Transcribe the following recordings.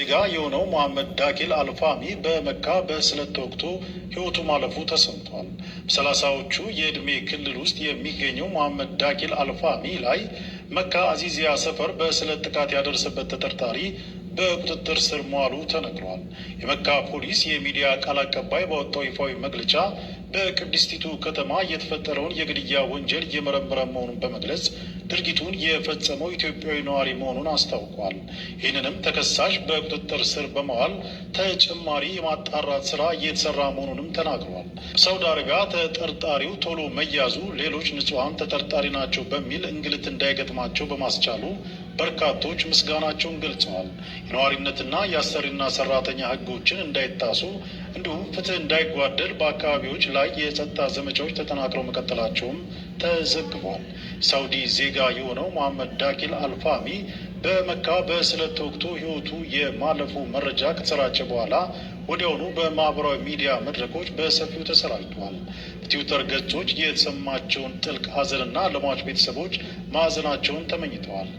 ዜጋ የሆነው መሐመድ ዳኪል አልፋሚ በመካ በስለት ወቅቱ ህይወቱ ማለፉ ተሰምቷል። በሰላሳዎቹ የዕድሜ ክልል ውስጥ የሚገኘው መሐመድ ዳኪል አልፋሚ ላይ መካ አዚዚያ ሰፈር በስለት ጥቃት ያደረሰበት ተጠርጣሪ በቁጥጥር ስር መዋሉ ተነግሯል። የመካ ፖሊስ የሚዲያ ቃል አቀባይ ባወጣው ይፋዊ መግለጫ በቅድስቲቱ ከተማ የተፈጠረውን የግድያ ወንጀል እየመረመረ መሆኑን በመግለጽ ድርጊቱን የፈጸመው ኢትዮጵያዊ ነዋሪ መሆኑን አስታውቋል። ይህንንም ተከሳሽ በቁጥጥር ስር በመዋል ተጨማሪ የማጣራት ስራ እየተሰራ መሆኑንም ተናግሯል። ሳውዲ አረቢያ ተጠርጣሪው ቶሎ መያዙ ሌሎች ንጹሐን ተጠርጣሪ ናቸው በሚል እንግልት እንዳይገጥማቸው በማስቻሉ በርካቶች ምስጋናቸውን ገልጸዋል። የነዋሪነትና የአሰሪና ሰራተኛ ህጎችን እንዳይጣሱ እንዲሁም ፍትህ እንዳይጓደል በአካባቢዎች ላይ የጸጥታ ዘመቻዎች ተጠናክረው መቀጠላቸውም ተዘግቧል። ሳውዲ ዜጋ የሆነው መሐመድ ዳኪል አልፋሚ በመካ በስለት ወቅቱ ሕይወቱ የማለፉ መረጃ ከተሰራጨ በኋላ ወዲያውኑ በማህበራዊ ሚዲያ መድረኮች በሰፊው ተሰራጭቷል። በትዊተር ገጾች የተሰማቸውን ጥልቅ ሀዘንና ለሟች ቤተሰቦች ማዘናቸውን ተመኝተዋል።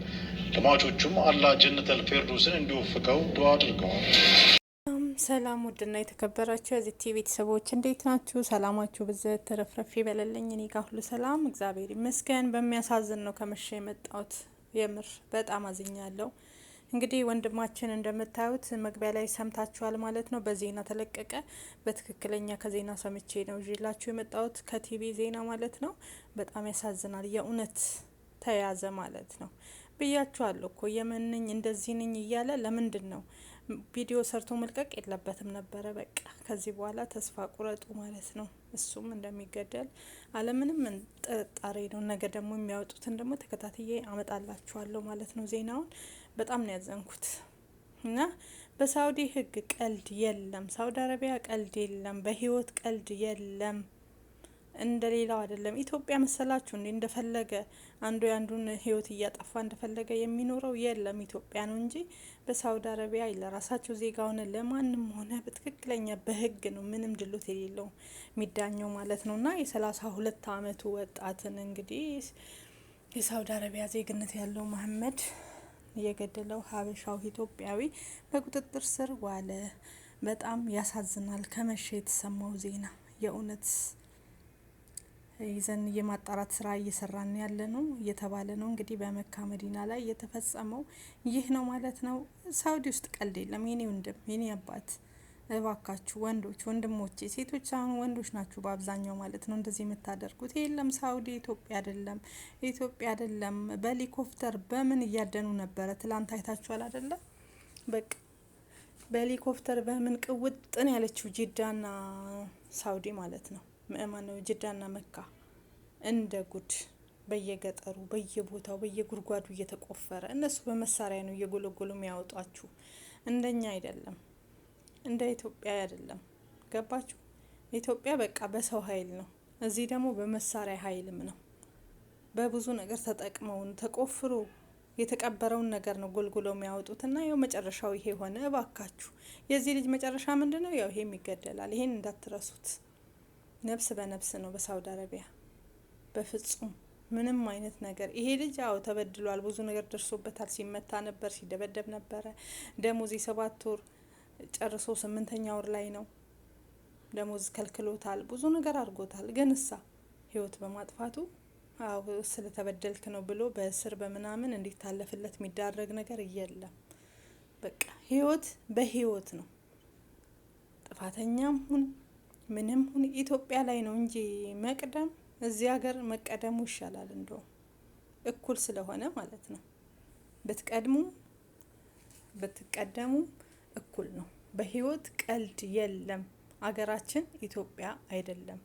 ለሟቾቹም አላህ ጀነተል ፌርዶስን እንዲወፍቀው ዱዓ አድርገዋል። ሰላም ውድና የተከበራችሁ የዚህ ቲቪ ቤተሰቦች እንዴት ናችሁ? ሰላማችሁ ብዘት ተረፍረፊ በለለኝ። እኔ ጋር ሁሉ ሰላም እግዚአብሔር ይመስገን። በሚያሳዝን ነው ከመሸ የመጣሁት። የምር በጣም አዝኛለሁ። እንግዲህ ወንድማችን እንደምታዩት መግቢያ ላይ ሰምታችኋል ማለት ነው። በዜና ተለቀቀ። በትክክለኛ ከዜና ሰምቼ ነው ይዤላችሁ የመጣሁት ከቲቪ ዜና ማለት ነው። በጣም ያሳዝናል። የእውነት ተያዘ ማለት ነው ብያችኋለሁ እኮ የምንኝ እንደዚህ ነኝ እያለ ለምንድን ነው ቪዲዮ ሰርቶ መልቀቅ የለበትም ነበረ። በቃ ከዚህ በኋላ ተስፋ ቁረጡ ማለት ነው። እሱም እንደሚገደል አለምንም ጥርጣሬ ነው። ነገ ደግሞ የሚያወጡትን ደግሞ ተከታትዬ አመጣላችኋለሁ ማለት ነው። ዜናውን በጣም ነው ያዘንኩት እና በሳውዲ ህግ ቀልድ የለም። ሳውዲ አረቢያ ቀልድ የለም። በህይወት ቀልድ የለም። እንደ ሌላው አይደለም። ኢትዮጵያ መሰላችሁ እንዴ እንደፈለገ አንዱ የአንዱን ህይወት እያጠፋ እንደፈለገ የሚኖረው የለም። ኢትዮጵያ ነው እንጂ በሳውዲ አረቢያ ለራሳቸው ዜጋ ሆነ ለማንም ሆነ በትክክለኛ በህግ ነው ምንም ድሎት የሌለው የሚዳኘው ማለት ነው። እና የሰላሳ ሁለት አመቱ ወጣትን እንግዲህ የሳውዲ አረቢያ ዜግነት ያለው መሀመድ የገደለው ሀበሻው ኢትዮጵያዊ በቁጥጥር ስር ዋለ። በጣም ያሳዝናል። ከመሸ የተሰማው ዜና የእውነት ይዘን የማጣራት ስራ እየሰራን ያለ ነው እየተባለ ነው። እንግዲህ በመካ መዲና ላይ የተፈጸመው ይህ ነው ማለት ነው። ሳውዲ ውስጥ ቀልድ የለም። የኔ ወንድም የኔ አባት እባካችሁ ወንዶች ወንድሞቼ፣ ሴቶች አሁን ወንዶች ናችሁ በአብዛኛው ማለት ነው እንደዚህ የምታደርጉት። የለም ሳውዲ ኢትዮጵያ አይደለም፣ ኢትዮጵያ አይደለም። በሄሊኮፕተር በምን እያደኑ ነበረ? ትላንት አይታችኋል አይደለም? በቃ በሄሊኮፕተር በምን ቅውጥን ያለችው ጂዳና ሳውዲ ማለት ነው። ምእማን ጅዳና መካ እንደ ጉድ በየገጠሩ በየቦታው በየጉድጓዱ እየተቆፈረ እነሱ በመሳሪያ ነው እየጎለጎሉ የሚያወጧችሁ። እንደኛ አይደለም፣ እንደ ኢትዮጵያ አይደለም። ገባችሁ? ኢትዮጵያ በቃ በሰው ኃይል ነው። እዚህ ደግሞ በመሳሪያ ኃይልም ነው። በብዙ ነገር ተጠቅመውን ተቆፍሮ የተቀበረውን ነገር ነው ጎልጉለው ና ያው መጨረሻው ይሄ ሆነ። እባካችሁ የዚህ ልጅ መጨረሻ ምንድን ነው? ያው ይሄም ይገደላል። ይሄን እንዳትረሱት። ነፍስ በነፍስ ነው በሳውዲ አረቢያ በፍጹም ምንም አይነት ነገር ይሄ ልጅ አዎ ተበድሏል። ብዙ ነገር ደርሶበታል። ሲመታ ነበር፣ ሲደበደብ ነበረ። ደሞዝ የሰባት ወር ጨርሶ ስምንተኛ ወር ላይ ነው ደሞዝ ከልክሎታል። ብዙ ነገር አድርጎታል። ግን እሳ ህይወት በማጥፋቱ አዎ ስለተበደልክ ነው ብሎ በእስር በምናምን እንዲታለፍለት የሚዳረግ ነገር የለም። በቃ ህይወት በህይወት ነው ጥፋተኛም ሁን ምንም ሁን ኢትዮጵያ ላይ ነው እንጂ መቅደም እዚህ ሀገር መቀደሙ ይሻላል። እንደውም እኩል ስለሆነ ማለት ነው። ብትቀድሙ ብትቀደሙ እኩል ነው። በህይወት ቀልድ የለም። አገራችን ኢትዮጵያ አይደለም።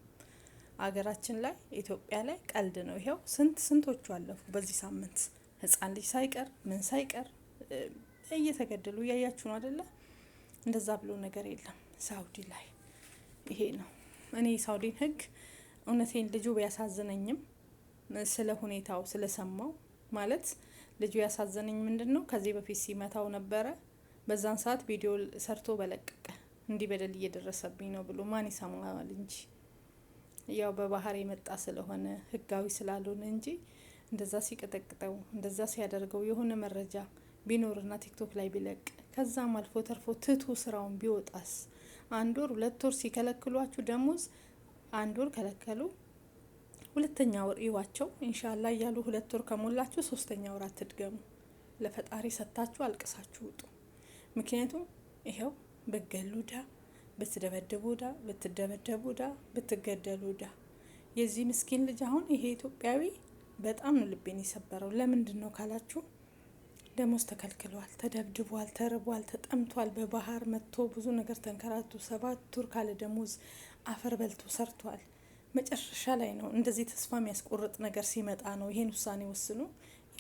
አገራችን ላይ ኢትዮጵያ ላይ ቀልድ ነው። ይኸው ስንት ስንቶቹ አለፉ በዚህ ሳምንት ህጻን ልጅ ሳይቀር ምን ሳይቀር እየተገደሉ እያያችሁ ነው አደለ? እንደዛ ብሎ ነገር የለም ሳውዲ ላይ ይሄ ነው። እኔ የሳውዲን ህግ እውነቴን ልጁ ቢያሳዝነኝም ስለ ሁኔታው ስለሰማው ማለት ልጁ ያሳዘነኝ ምንድን ነው፣ ከዚህ በፊት ሲመታው ነበረ። በዛን ሰዓት ቪዲዮ ሰርቶ በለቀቀ እንዲህ በደል እየደረሰብኝ ነው ብሎ ማን ይሰማዋል እንጂ ያው በባህር የመጣ ስለሆነ ህጋዊ ስላልሆነ እንጂ እንደዛ ሲቀጠቅጠው እንደዛ ሲያደርገው የሆነ መረጃ ቢኖርና ቲክቶክ ላይ ቢለቅ ከዛም አልፎ ተርፎ ትቱ ስራውን ቢወጣስ አንድ ወር ሁለት ወር ሲከለክሏችሁ ደሞዝ አንድ ወር ከለከሉ፣ ሁለተኛ ወር ይዋቸው ኢንሻላ እያሉ ሁለት ወር ከሞላችሁ ሶስተኛ ወር አትድገሙ። ለፈጣሪ ሰጥታችሁ አልቅሳችሁ ውጡ። ምክንያቱም ይኸው ብገሉ ዳ ብትደበደቡ ዳ ብትደበደቡ ዳ ብትገደሉ ዳ የዚህ ምስኪን ልጅ አሁን ይሄ ኢትዮጵያዊ በጣም ነው ልቤን የሰበረው። ለምንድን ነው ካላችሁ ደሞዝ ተከልክሏል፣ ተደብድቧል፣ ተርቧል፣ ተጠምቷል፣ በባህር መጥቶ ብዙ ነገር ተንከራቱ ሰባት ቱር ካለ ደሞዝ አፈር በልቶ ሰርቷል። መጨረሻ ላይ ነው እንደዚህ ተስፋ የሚያስቆርጥ ነገር ሲመጣ ነው ይሄን ውሳኔ ወስኑ።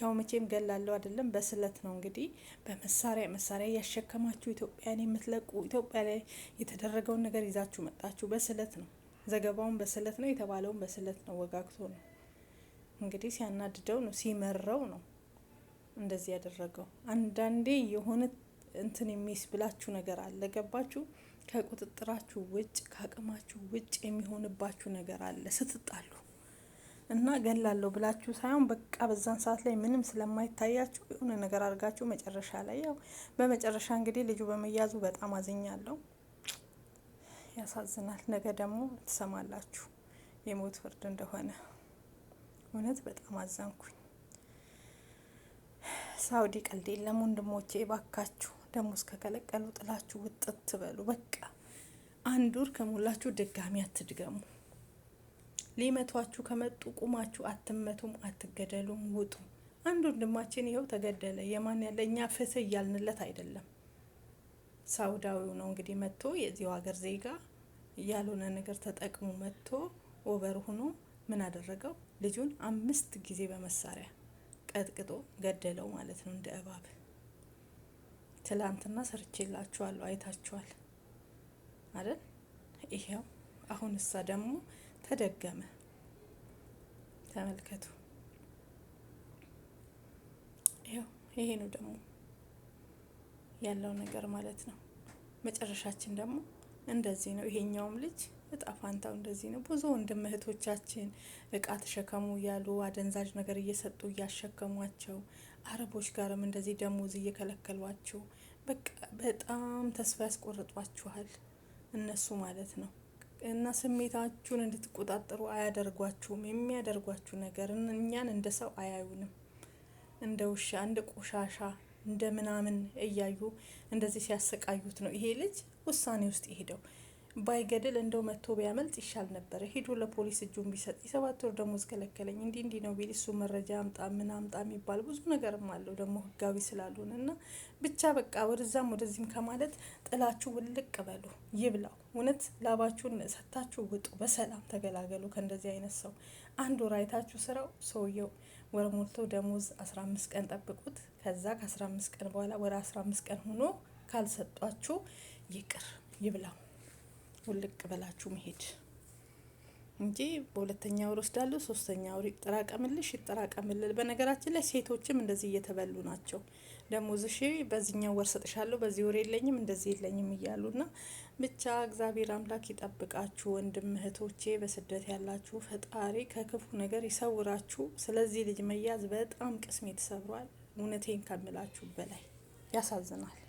ያው መቼም ገላለው አይደለም በስለት ነው እንግዲህ በመሳሪያ መሳሪያ እያሸከማችሁ ኢትዮጵያን የምትለቁ ኢትዮጵያ ላይ የተደረገውን ነገር ይዛችሁ መጣችሁ። በስለት ነው ዘገባውን በስለት ነው የተባለውን በስለት ነው ወጋግቶ ነው እንግዲህ ሲያናድደው ነው ሲመረው ነው እንደዚህ ያደረገው። አንዳንዴ የሆነ እንትን የሚስ ብላችሁ ነገር አለ፣ ገባችሁ? ከቁጥጥራችሁ ውጭ ከአቅማችሁ ውጭ የሚሆንባችሁ ነገር አለ ስትጣሉ እና ገላለሁ ብላችሁ ሳይሆን በቃ በዛን ሰዓት ላይ ምንም ስለማይታያችሁ የሆነ ነገር አድርጋችሁ መጨረሻ ላይ ያው በመጨረሻ እንግዲህ ልጁ በመያዙ በጣም አዝኛለሁ። ያሳዝናል። ነገ ደግሞ ትሰማላችሁ የሞት ፍርድ እንደሆነ። እውነት በጣም አዘንኩኝ። ሳውዲ ቀልድ የለም ወንድሞቼ፣ ባካችሁ እስከ ከለቀሉ ጥላችሁ ውጥት በሉ። በቃ አንድ ወር ከሞላችሁ ድጋሚ አትድገሙ። ሊመቷችሁ ከመጡ ቁማችሁ አትመቱም፣ አትገደሉም፣ ውጡ። አንድ ወንድማችን ይኸው ተገደለ። የማን ያለ እኛ ፍትህ እያልንለት አይደለም። ሳውዳዊው ነው እንግዲህ መጥቶ የዚሁ ሀገር ዜጋ ያልሆነ ነገር ተጠቅሞ መጥቶ ኦቨር ሆኖ ምን አደረገው? ልጁን አምስት ጊዜ በመሳሪያ ቀጥቅጦ ገደለው ማለት ነው እንደ እባብ። ትላንትና ሰርቼላችኋለሁ አይታችኋል አይደል? ይሄው አሁን እሳ ደግሞ ተደገመ። ተመልከቱ። ይሄው ይሄ ነው ደግሞ ያለው ነገር ማለት ነው። መጨረሻችን ደግሞ እንደዚህ ነው። ይሄኛውም ልጅ እጣ ፋንታው እንደዚህ ነው። ብዙ ወንድም እህቶቻችን እቃ ተሸከሙ እያሉ አደንዛዥ ነገር እየሰጡ እያሸከሟቸው፣ አረቦች ጋርም እንደዚህ ደሞዝ እየከለከሏቸው በቃ በጣም ተስፋ ያስቆርጧችኋል እነሱ ማለት ነው። እና ስሜታችሁን እንድትቆጣጠሩ አያደርጓችሁም። የሚያደርጓችሁ ነገር እኛን እንደ ሰው አያዩንም። እንደ ውሻ፣ እንደ ቆሻሻ፣ እንደ ምናምን እያዩ እንደዚህ ሲያሰቃዩት ነው ይሄ ልጅ ውሳኔ ውስጥ ይሄደው ባይገድል እንደው መጥቶ ቢያመልጥ ይሻል ነበረ። ሄዶ ለፖሊስ እጁን ቢሰጥ የሰባት ወር ደሞዝ ከለከለኝ እንዲህ እንዲህ ነው ቢል እሱ መረጃ አምጣ ምን አምጣ የሚባል ብዙ ነገርም አለው ደግሞ ህጋዊ ስላልሆነ እና ብቻ በቃ ወደዛም ወደዚህም ከማለት ጥላችሁ ውልቅ በሉ ይብላው። እውነት ላባችሁን ሰታችሁ ውጡ፣ በሰላም ተገላገሉ ከእንደዚህ አይነት ሰው። አንድ ወር አይታችሁ ስራው ሰውየው ወር ሞልቶ ደሞዝ አስራ አምስት ቀን ጠብቁት። ከዛ ከአስራ አምስት ቀን በኋላ ወደ አስራ አምስት ቀን ሆኖ ካልሰጧችሁ ይቅር ይብላው። ውልቅ ብላችሁ መሄድ እንጂ በሁለተኛ ወር ወስዳለሁ፣ ሶስተኛ ወር ይጠራቀምልሽ ይጠራቀምልል። በነገራችን ላይ ሴቶችም እንደዚህ እየተበሉ ናቸው። ደሞዝሽ በዚህኛው ወር ሰጥሻለሁ፣ በዚህ ወር የለኝም፣ እንደዚህ የለኝም እያሉና ብቻ እግዚአብሔር አምላክ ይጠብቃችሁ ወንድም እህቶቼ፣ በስደት ያላችሁ ፈጣሪ ከክፉ ነገር ይሰውራችሁ። ስለዚህ ልጅ መያዝ በጣም ቅስሜ ተሰብሯል። እውነቴን ከምላችሁ በላይ ያሳዝናል።